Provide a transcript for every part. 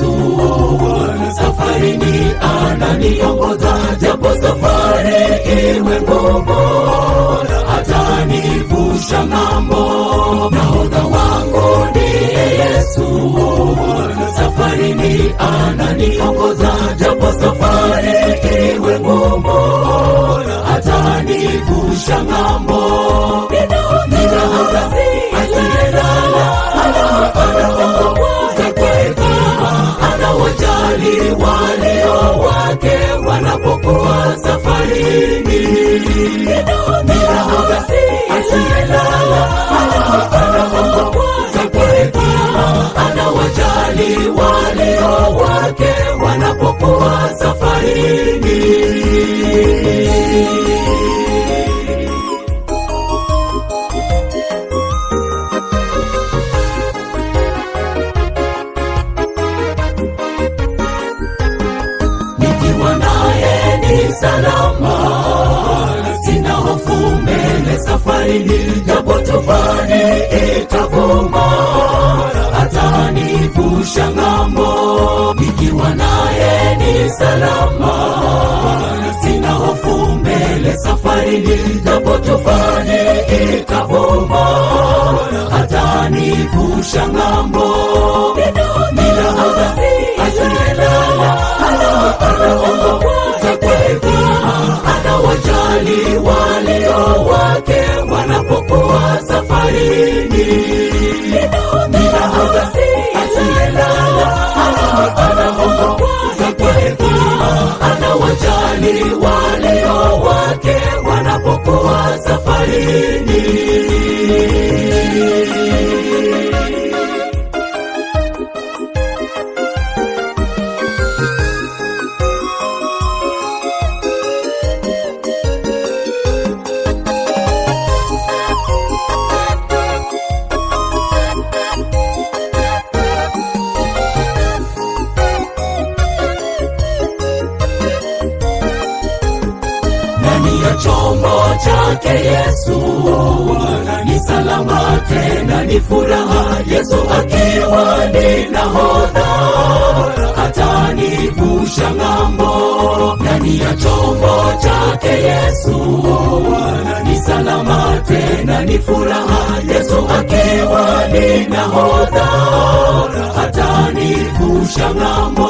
Yesu ni ana ananiongoza japo safari iwe ngumu, atanivusha ng'ambo. Nahodha wangu ndiye Yesu ni ana ananiongoza japo safari iwe ngumu, atanivusha ng'ambo. Wakati walio wake wanapokuwa safarini, mwanaye ni salama, sina hofu mbele safarini, japo tufani itavuma hata nikusha ng'ambo, nikiwa naye ni salama, sina hofu mbele safarini, japo tufani itavuma hata nikusha ng'ambo walio wake wanapokuwa safarini. ndani ya chombo chake Yesu ni salama tena ni furaha, Yesu akiwa ni nahodha atanivusha ng'ambo. Ndani ya chombo chake Yesu ni salama tena ni furaha, Yesu akiwa ni nahodha atanivusha ng'ambo.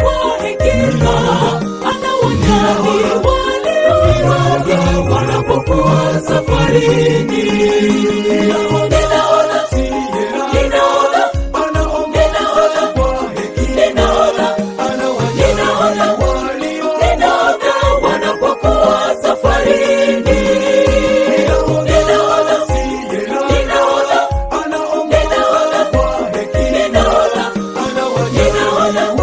No.